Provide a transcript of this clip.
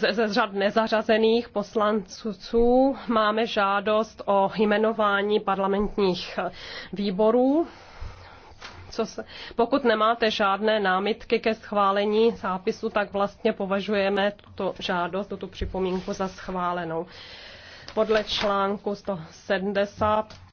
ze řad nezařazených poslanců máme žádost o jmenování parlamentních výborů. Co se, pokud nemáte žádné námitky ke schválení zápisu, tak vlastně považujeme tuto žádost, tuto připomínku za schválenou. Podle článku 170